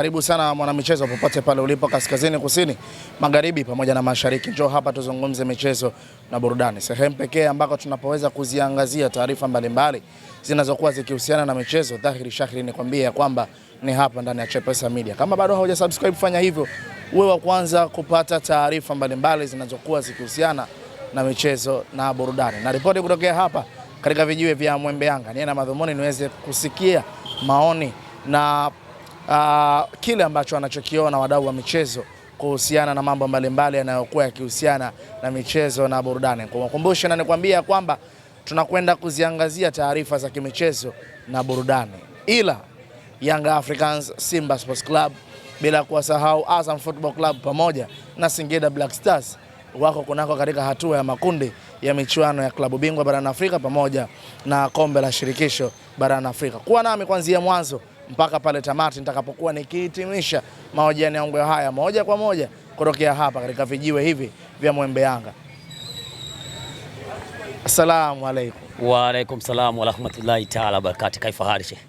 Karibu sana mwanamichezo, popote pale ulipo, kaskazini, kusini, magharibi pamoja na mashariki, njoo hapa tuzungumze michezo na burudani, sehemu pekee ambako tunapoweza kuziangazia taarifa mbalimbali zinazokuwa zikihusiana na michezo. Dhahiri shahiri ni nikwambie ya kwamba ni hapa ndani ya Chapesa Media. Kama bado hauja subscribe, fanya hivyo uwe wa kwanza kupata taarifa mbalimbali zinazokuwa zikihusiana na michezo na burudani, na ripoti kutokea hapa katika vijiwe vya Mwembe Yanga. Niye na madhumuni niweze kusikia maoni na uh, kile ambacho anachokiona wadau wa michezo kuhusiana na mambo mbalimbali yanayokuwa yakihusiana na michezo na burudani. Kuwakumbusha na nikwambia kwamba tunakwenda kuziangazia taarifa za kimichezo na burudani, ila Young Africans, Simba Sports Club, bila kuwasahau Azam Football Club pamoja na Singida Black Stars wako kunako katika hatua ya makundi ya michuano ya klabu bingwa barani Afrika pamoja na kombe la shirikisho barani Afrika. Kuwa nami kuanzia mwanzo mpaka pale tamati nitakapokuwa nikihitimisha mahojiano yangu haya moja kwa moja kutokea hapa katika vijiwe hivi vya Mwembe Yanga. Asalamu alaykum. Wa alaykum salaam wa rahmatullahi taala barakatuh. Kaifa hali sheikh?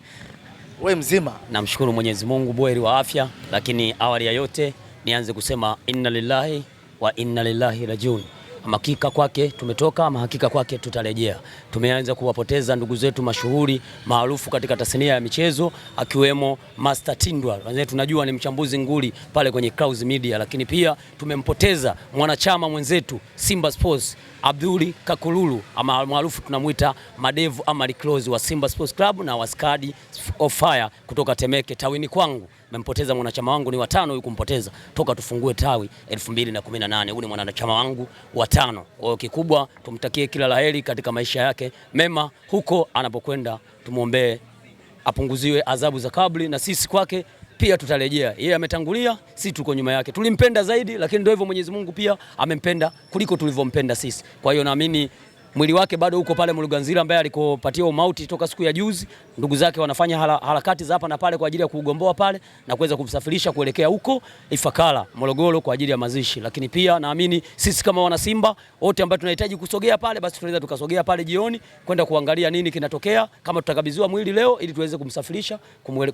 Wewe mzima? Namshukuru Mwenyezi Mungu buheri wa afya, lakini awali ya yote nianze kusema inna lillahi wa inna lillahi rajiun. Hakika kwake tumetoka, ama hakika kwake tutarejea. Tumeanza kuwapoteza ndugu zetu mashuhuri maarufu katika tasnia ya michezo akiwemo Master Tindwa, tunajua ni mchambuzi nguli pale kwenye Clouds Media, lakini pia tumempoteza mwanachama mwenzetu Simba Sports Abduli Kakululu ama maarufu tunamwita Madevu ama Liklozi wa Simba Sports Club na Waskadi of Fire kutoka Temeke tawini kwangu. Mempoteza mwanachama wangu ni watano, huyu kumpoteza toka tufungue tawi 2018 huyu ni mwanachama wangu watano. Kwa hiyo kikubwa tumtakie kila laheri katika maisha yake mema huko anapokwenda, tumwombee apunguziwe adhabu za kabri na sisi kwake pia tutarejea. Yeye ametangulia, si tuko nyuma yake. Tulimpenda zaidi, lakini ndio hivyo, Mwenyezi Mungu pia amempenda kuliko tulivyompenda sisi. Kwa hiyo naamini mwili wake bado uko pale Muluganzira ambaye alikopatia umauti toka siku ya juzi. Ndugu zake wanafanya hala, harakati za hapa na pale kwa ajili ya kuugomboa pale na kuweza kumsafirisha kuelekea huko Ifakara Morogoro kwa ajili ya mazishi, lakini pia naamini sisi kama wana Simba wote ambao tunahitaji kusogea pale, basi tunaweza tukasogea pale jioni kwenda kuangalia nini kinatokea, kama tutakabidhiwa mwili leo, ili tuweze kumsafirisha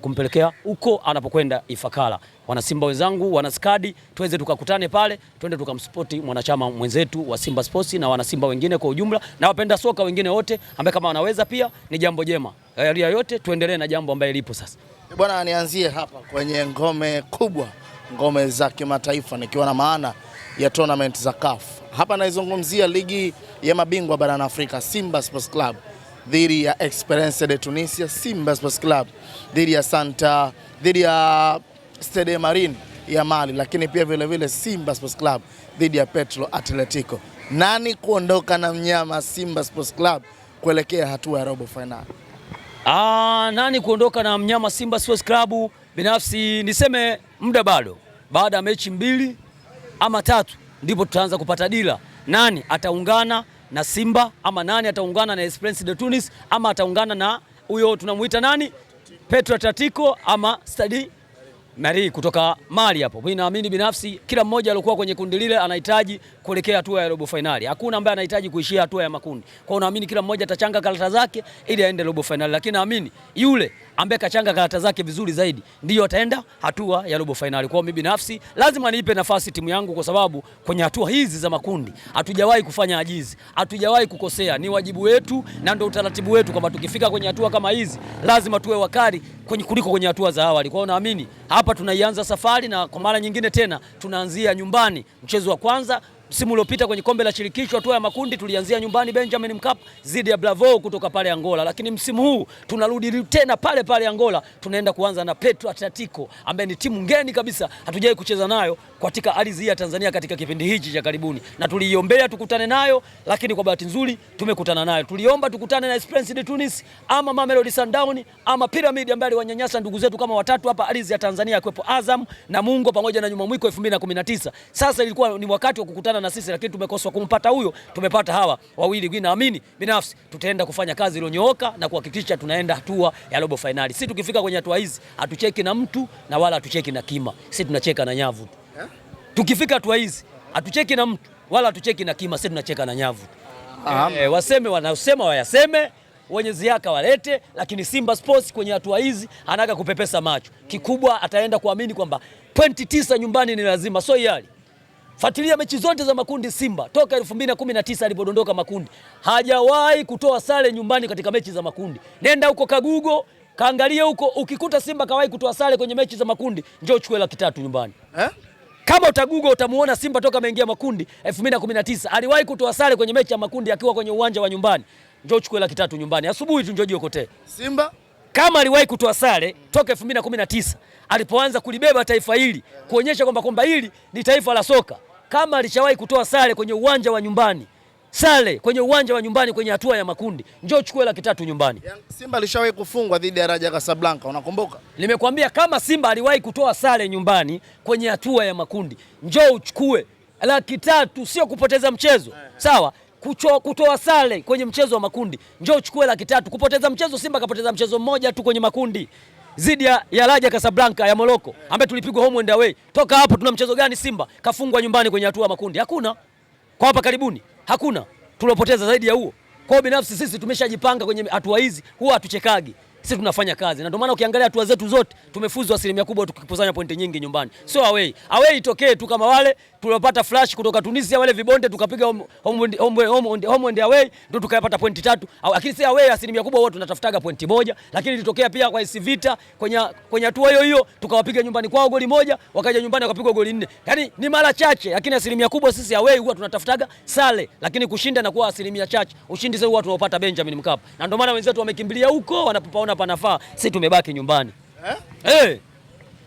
kumpelekea huko anapokwenda Ifakara. Wana Simba wenzangu, wana skadi, tuweze tukakutane pale, twende tukamsupport mwanachama mwenzetu wa Simba Sports na wana Simba wengine kwa ujumla na wapenda soka wengine wote ambaye kama wanaweza pia ni jambo jema. Ria yote tuendelee na jambo ambaye lipo sasa. Eh, bwana, nianzie hapa kwenye ngome kubwa, ngome za kimataifa, nikiwa na maana ya tournament za CAF. Hapa naizungumzia ligi ya mabingwa barani Afrika, Simba Sports Club dhidi ya Esperance de Tunisia, Simba Sports Club dhidi ya Santa dhidi ya Stade Marine ya Mali, lakini pia vilevile vile Simba Sports Club dhidi ya Petro Atletico nani kuondoka na mnyama Simba Sports Club kuelekea hatua ya robo fainali? Ah, nani kuondoka na mnyama Simba Sports Club, binafsi niseme muda bado, baada ya mechi mbili ama tatu ndipo tutaanza kupata dira, nani ataungana na Simba ama nani ataungana na Esperance de Tunis ama ataungana na huyo tunamuita nani Petro Atletico ama Stade Mary kutoka Mali hapo. Mimi naamini binafsi kila mmoja aliokuwa kwenye kundi lile anahitaji kuelekea hatua ya robo finali. Hakuna ambaye anahitaji kuishia hatua ya makundi. Kwa hiyo naamini kila mmoja atachanga karata zake ili aende robo finali, lakini naamini yule ambaye kachanga karata zake vizuri zaidi ndiyo ataenda hatua ya robo fainali. Kwao mimi binafsi lazima niipe nafasi timu yangu, kwa sababu kwenye hatua hizi za makundi hatujawahi kufanya ajizi, hatujawahi kukosea. Ni wajibu wetu na ndio utaratibu wetu kwamba tukifika kwenye hatua kama hizi lazima tuwe wakali kwenye kuliko kwenye hatua za awali. Kwao naamini hapa tunaianza safari, na kwa mara nyingine tena tunaanzia nyumbani, mchezo wa kwanza msimu uliopita kwenye kombe la shirikisho hatua ya makundi tulianzia nyumbani Benjamin Mkapa dhidi ya Bravo kutoka pale Angola, lakini msimu huu tunarudi tena pale pale Angola, tunaenda kuanza na Petro Atletico ambaye ni timu ngeni kabisa, hatujawahi kucheza nayo katika ardhi ya Tanzania katika kipindi hichi cha karibuni, na tuliiombea tukutane nayo, lakini kwa bahati nzuri tumekutana nayo. Tuliomba tukutane na Esperance de Tunis ama Mamelodi Sundowns ama Pyramid ambaye aliwanyanyasa ndugu zetu kama watatu hapa ardhi ya Tanzania, akiwepo Azam na Mungo pamoja na Nyuma Mwiko 2019. Sasa ilikuwa ni wakati wa kukutana sana na sisi, lakini tumekoswa kumpata huyo, tumepata hawa wawili. Mimi naamini binafsi tutaenda kufanya kazi iliyonyooka na kuhakikisha tunaenda hatua ya robo fainali. Si tukifika kwenye hatua hizi hatucheki na mtu na wala hatucheki na kima, si tunacheka na nyavu eh? Tukifika hatua hizi hatucheki na mtu wala hatucheki na kima, si tunacheka na nyavu E, waseme wanasema wayaseme wenye ziaka walete, lakini Simba Sports kwenye hatua hizi anataka kupepesa macho. Kikubwa ataenda kuamini kwamba pointi tisa nyumbani ni lazima, so yali Fuatilia mechi zote za makundi Simba toka 2019 alipodondoka makundi, hajawahi kutoa sare nyumbani katika mechi za makundi. Nenda huko Kagugo, kaangalie huko, ukikuta Simba kawahi kutoa sare kwenye mechi za makundi, njoo uchukue laki tatu nyumbani eh? Kama utagugo utamuona Simba toka ameingia makundi 2019 aliwahi kutoa sare kwenye mechi ya makundi akiwa kwenye uwanja wa nyumbani, njoo uchukue laki tatu nyumbani asubuhi tu, njoo jiokote. Simba kama aliwahi kutoa sare toka 2019 alipoanza kulibeba taifa hili kuonyesha kwamba kwamba hili ni taifa la soka kama alishawahi kutoa sare kwenye uwanja wa nyumbani, sare kwenye uwanja wa nyumbani kwenye hatua ya makundi, njoo chukue laki tatu nyumbani. Simba alishawahi kufungwa dhidi ya Raja Casablanca, unakumbuka? Nimekwambia kama Simba aliwahi kutoa sare nyumbani kwenye hatua ya makundi, njoo uchukue laki tatu, sio kupoteza mchezo. Eh, eh. Sawa, kutoa sare kwenye mchezo wa makundi, njoo uchukue laki tatu. Kupoteza mchezo, Simba kapoteza mchezo mmoja tu kwenye makundi dhidi ya, ya Raja Casablanca ya Morocco ambaye tulipigwa home and away. Toka hapo tuna mchezo gani? Simba kafungwa nyumbani kwenye hatua ya makundi, hakuna kwa hapa karibuni, hakuna Tulopoteza zaidi ya huo. Kwa binafsi sisi tumeshajipanga kwenye hatua hizi, huwa hatuchekagi sisi tunafanya kazi, na ndio maana ukiangalia hatua zetu zote tumefuzu asilimia kubwa, tukikusanya pointi nyingi nyumbani, sio away. Away itokee tu kama wale tuliopata flash kutoka Tunisia, wale vibonde tukapiga home, home, home, home, home and away ndio tukapata pointi tatu, lakini si away. Asilimia kubwa huwa tunatafutaga pointi moja, lakini ilitokea pia kwa AS Vita kwenye kwenye hatua hiyo hiyo tukawapiga nyumbani kwao goli moja, wakaja nyumbani wakapigwa goli nne. Yani ni mara chache, lakini asilimia kubwa sisi away huwa tunatafutaga sale, lakini kushinda na kuwa asilimia chache. Ushindi sasa huwa tunaopata Benjamin Mkapa, na ndio maana wenzetu wamekimbilia huko wanapopaona hapa nafaa, si tumebaki nyumbani eh? Hey, eh,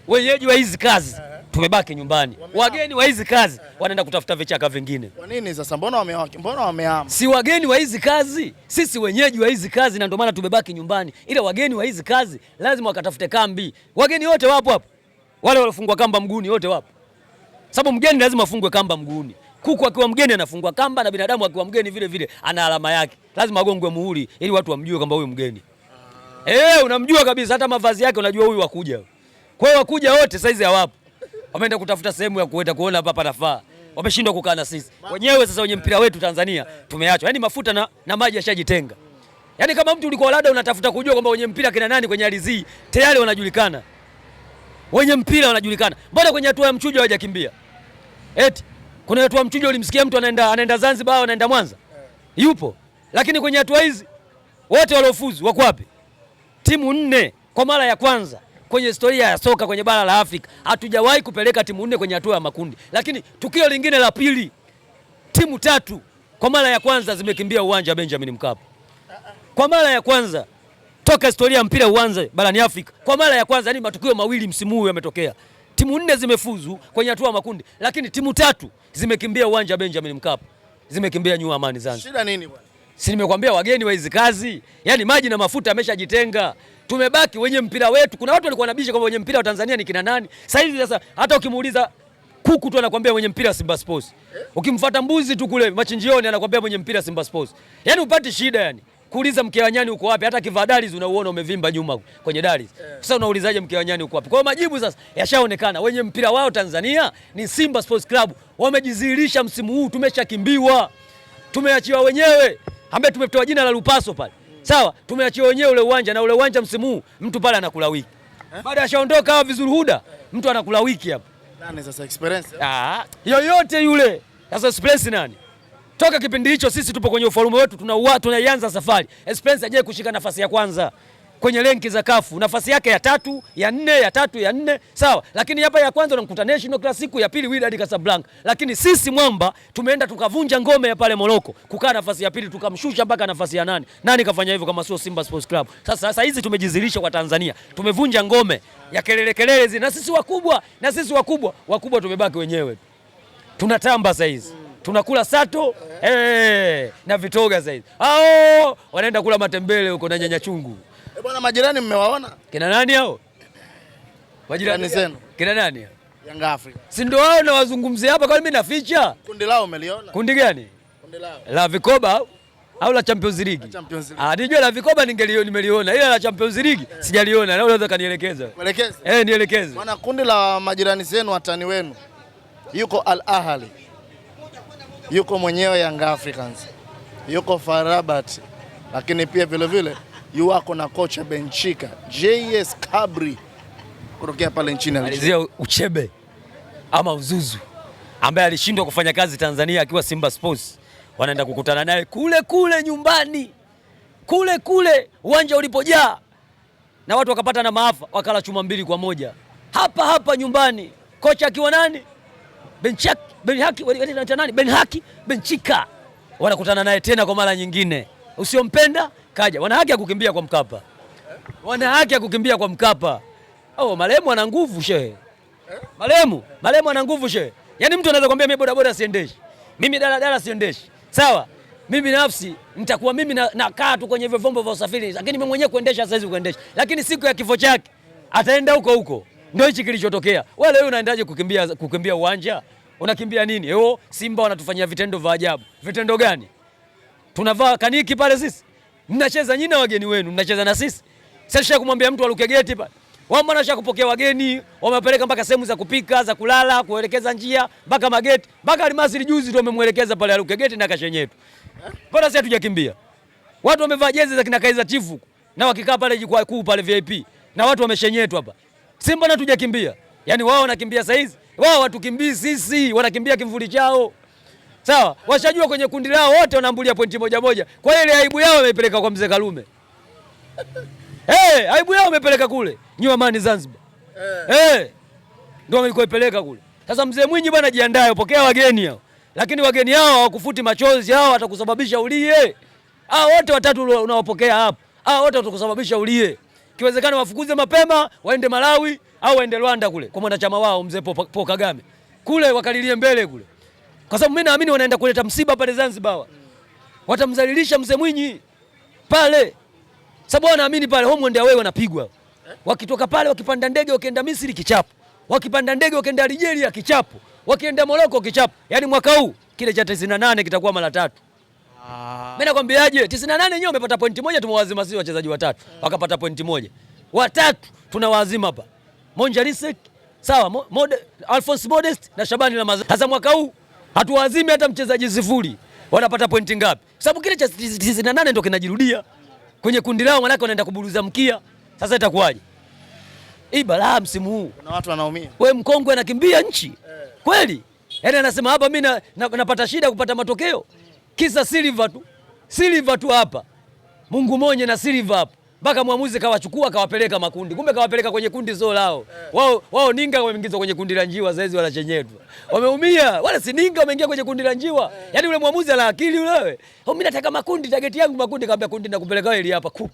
wenyeji wa hizi kazi eh, tumebaki nyumbani wamehama. Wageni wa hizi kazi eh, wanaenda kutafuta vichaka vingine. Kwa nini sasa? Mbona wamewaki? Mbona wamehama? Si wageni wa hizi kazi, sisi wenyeji wa hizi kazi, na ndio maana tumebaki nyumbani, ila wageni wa hizi kazi lazima wakatafute kambi. Wageni wote wapo hapo, wale walofungwa kamba mguuni wote wapo, sababu mgeni lazima afungwe kamba mguuni. Kuku akiwa mgeni anafungwa kamba, na binadamu akiwa mgeni vile vile ana alama yake, lazima agongwe muhuri ili watu wamjue kwamba huyu mgeni Eh, unamjua kabisa hata mavazi yake unajua huyu wakuja. Kwa hiyo wakuja wote saizi hawapo. Wameenda kutafuta sehemu ya kuenda kuona hapa panafaa. Wameshindwa kukaa na sisi. Wenyewe sasa wenye mpira wetu Tanzania tumeachwa. Yaani mafuta na, na maji yashajitenga. Yaani kama mtu ulikuwa labda unatafuta kujua kwamba wenye mpira kina nani kwenye ardhi, tayari wanajulikana. Wenye mpira wanajulikana. Mbona kwenye hatua ya mchujo hawajakimbia? Eti kuna hatua ya mchujo ulimsikia mtu anaenda anaenda Zanzibar au anaenda Mwanza? Yupo. Lakini kwenye hatua hizi wote waliofuzu wako wapi? timu nne kwa mara ya kwanza kwenye historia ya soka kwenye bara la Afrika. Hatujawahi kupeleka timu nne kwenye hatua ya makundi, lakini tukio lingine la pili, timu tatu kwa mara ya kwanza zimekimbia uwanja wa Benjamin Mkapa kwa mara ya kwanza toka historia ya mpira uanze barani Afrika. Kwa mara ya kwanza, yani matukio mawili msimu huu yametokea, timu nne zimefuzu kwenye hatua ya makundi, lakini timu tatu zimekimbia uwanja wa Benjamin Mkapa, zimekimbia nyua Amani Zanzibar. Shida nini bwana? Si nimekwambia wageni wa hizi kazi, yaani maji na mafuta ameshajitenga. tumebaki wenye mpira wetu. Kuna watu walikuwa wanabisha kwamba wenye mpira wa Tanzania ni kina nani. Sasa hivi sasa hata ukimuuliza kuku tu anakwambia mwenye mpira Simba Sports, ukimfuata mbuzi tu kule machinjioni anakwambia mwenye mpira Simba Sports. Yaani upati shida yani kuuliza mke wa nyani uko wapi? Hata kivaa dalis unauona umevimba nyuma kwenye dalis. Eh. Sasa unaulizaje mke wa nyani uko wapi? Kwa hiyo majibu sasa yashaonekana, wenye mpira wao Tanzania ni Simba Sports Club. Wamejidhihirisha msimu huu, tumeshakimbiwa, tumeachiwa wenyewe ambaye tumetoa jina la Lupaso pale, sawa, tumeachia wenyewe ule uwanja, na ule uwanja msimu huu mtu pale anakula wiki eh? baada ashaondoka hawa vizuri huda, mtu anakula wiki hapo. nani sasa experience ah, yoyote yule sasa experience nani toka kipindi hicho sisi tupo kwenye ufalme wetu, tunaianza safari. Experience ajaye kushika nafasi ya kwanza kwenye renki za kafu nafasi yake ya tatu ya nne ya tatu ya nne sawa, lakini hapa ya kwanza unamkuta National kila siku, ya pili Wydad Casablanca. Lakini sisi mwamba tumeenda tukavunja ngome ya pale Moroko, kukaa nafasi ya pili tukamshusha mpaka nafasi ya nane. Nani kafanya hivyo kama sio Simba Sports Club? Sasa sasa hizi tumejizilisha kwa Tanzania, tumevunja ngome ya kelele kelele zile, na sisi wakubwa, na sisi wakubwa wakubwa, tumebaki wenyewe, tunatamba sasa hizi tunakula sato hey, eh. eh, na vitoga zaidi. ao wanaenda kula matembele huko na nyanya chungu. Eh, bwana majirani mmewaona? Kina nani hao? Majirani zenu. Kina nani? Yanga Afrika. Si ndio wao na wazungumzie hapa kwa nini naficha? Kundi lao umeliona? Kundi gani? Kundi lao. La vikoba au la Champions League? La Champions League. Ah, nijua la vikoba ningeliona nimeliona. Ila la Champions League yeah, sijaliona. Na unaweza kanielekeza. Mwelekeze. Eh, nielekeze. Maana kundi la majirani zenu watani wenu. Yuko Al Ahli. Yuko mwenyewe Yanga Africans. Yuko Farabat. Lakini pia vile vile yu wako na kocha benchika JS Kabri kutokea pale nchini Algeria, Uchebe ama Uzuzu ambaye alishindwa kufanya kazi Tanzania akiwa Simba Sports. Wanaenda kukutana naye kule kule nyumbani kule kule uwanja ulipojaa na watu wakapata na maafa, wakala chuma mbili kwa moja hapa hapa nyumbani, kocha akiwa nani? Benchaki, Benhaki, nani? Benhaki, Benchika. Wanakutana naye tena kwa mara nyingine, usiompenda kaja, wana haki ya kukimbia kwa Mkapa, wana haki ya kukimbia kwa Mkapa. Oh, marehemu ana nguvu shehe, marehemu marehemu ana nguvu shehe. Yaani mtu anaweza kwambia mimi bodaboda siendeshi, mimi daladala siendeshi, sawa mimi nafsi nitakuwa mimi nakaa na tu kwenye hivyo vyombo vya usafiri, lakini mimi mwenyewe kuendesha saizi kuendesha, lakini siku ya kifo chake ataenda huko huko. Ndio hichi kilichotokea. Wewe leo unaendaje kukimbia kukimbia uwanja? Unakimbia nini? Eo oh, Simba wanatufanyia vitendo vya ajabu. Vitendo gani? Tunavaa kaniki pale sisi Mnacheza nyinyi na wageni wenu, mnacheza na sisi. Sasa shaka kumwambia mtu aluke geti pale. Wao mbona shaka kupokea wageni, wamepeleka mpaka sehemu za kupika, za kulala, kuelekeza njia, mpaka mageti. Mpaka alimasiri juzi ndio amemuelekeza pale aluke geti na kashenyetu. Bora sasa tujakimbia. Watu wamevaa jezi za kina Kaiza Chifu na wakikaa pale jukwaa kuu pale VIP na watu wameshenyetwa hapa. Simba na tujakimbia. Yaani wao wanakimbia hizi. wao watukimbii sisi, wanakimbia kimvuli chao sawa. Washajua kwenye kundi lao wote wanaambulia pointi moja moja, kwa hiyo ile aibu yao wameipeleka kwa mzee Karume. Eh. Hey, aibu yao wamepeleka kule New Amani Zanzibar, hey. Eh. Hey, ndio walikoipeleka kule. Sasa mzee Mwinyi bwana, jiandae upokea wageni hao, lakini wageni hao hawakufuti machozi, hao watakusababisha ulie. Ah, wote watatu unaopokea hapo, Ah, wote watakusababisha ulie. Kiwezekana wafukuze mapema, waende Malawi au waende Rwanda kule kwa mwanachama wao mzee Paul Kagame kule, wakalilie mbele kule kwa sababu mimi naamini wanaenda kuleta msiba pale Zanzibar Watamzalilisha mzee Mwinyi pale, sababu wanaamini pale home and away wanapigwa, wakitoka pale, wakipanda ndege wakienda Misri kichapo, wakipanda ndege wakienda Algeria kichapo, wakienda Morocco kichapo. Yani mwaka huu kile cha 98 kitakuwa mara tatu. Ah. Mimi nakwambiaje, 98 wenyewe wamepata pointi moja, tumewazima sisi wachezaji watatu ah. wakapata pointi moja, watatu tunawazima hapa Monja Risek, sawa Mode, Alphonse Modest na Shabani Ramadhani. Sasa mwaka huu hatuwazimi hata mchezaji sifuri, wanapata pointi ngapi? Sababu kile cha 98 ndio kinajirudia kwenye kundi lao, manake wanaenda kuburuza mkia. Sasa itakuwaje hii balaa msimu huu? Kuna watu wanaumia. Wewe mkongwe anakimbia nchi kweli? Yaani anasema hapa mimi na, na, napata shida kupata matokeo kisa Silva tu Silva tu hapa Mungu monye na Silva hapa mpaka mwamuzi kawachukua kawapeleka makundi, kumbe kawapeleka kwenye kundi zao lao eh. wao wao. Ninga wameingizwa kwenye kundi la njiwa, saizi wanachenyetwa, wameumia wala si Ninga wameingia kwenye kundi la njiwa. Eh. Yani ule mwamuzi ana akili ule. Mimi nataka makundi, tageti yangu makundi. Kaambia kundi nakupeleka wewe ili hapa ku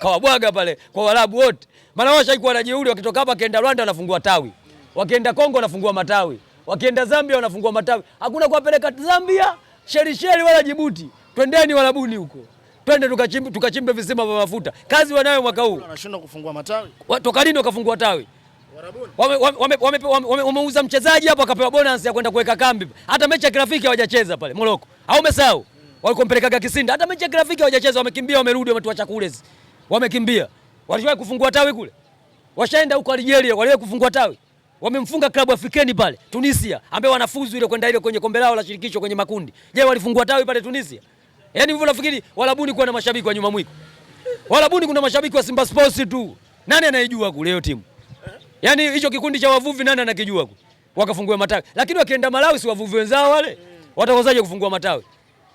kawabwaga pale kwa walabu wote, maana wao shaikuwa na jeuri. Wakitoka hapa kaenda Rwanda wanafungua tawi, wakienda Kongo wanafungua matawi, wakienda Zambia wanafungua matawi. Hakuna kuwapeleka Zambia, Shelisheli wala Jibuti, twendeni walabuni huko twende tukachimbe, tukachimbe visima vya mafuta. Kazi wanayo mwaka huu, wanashindwa kufungua matawi. Toka lini wakafungua tawi? Wameuza mchezaji hapo akapewa bonus ya kwenda kuweka kambi, hata mechi ya kirafiki hawajacheza pale Moroko, au umesahau? hmm. walikompelekaga Kisinda, hata mechi ya kirafiki hawajacheza, wamekimbia, wamerudi, wametoa chakula, wamekimbia. Walishawahi kufungua tawi kule, washaenda huko Algeria, waliwahi kufungua tawi wamemfunga klabu Afrikeni pale Tunisia, ambaye wanafuzu ile kwenda ile kwenye kombe lao la shirikisho kwenye makundi. Je, walifungua tawi pale Tunisia? Yaani hivyo nafikiri Walabuni kuwa na mashabiki wa nyuma mwiko. Walabuni kuna mashabiki wa Simba Sports tu. Nani anayejua kule hiyo timu? Yaani hicho kikundi cha wavuvi nani anakijua kule? Wakafungua matawi. Lakini wakienda Malawi si wavuvi wenzao wale? Watakosaje kufungua matawi?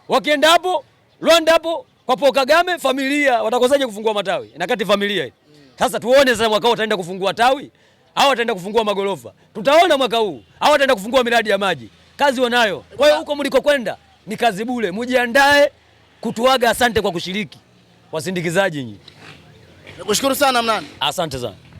Wakienda hapo Rwanda hapo kwa Paul Kagame familia watakosaje kufungua matawi? Na kati familia hii. Sasa tuone sasa mwaka huu wataenda kufungua tawi au wataenda kufungua magorofa. Tutaona mwaka huu. Au wataenda kufungua miradi ya maji. Kazi wanayo. Kwa hiyo huko mlikokwenda ni kazi bure. Mujiandae kutuaga. Asante kwa kushiriki wasindikizaji nyinyi. Nakushukuru sana Mnani. Asante sana.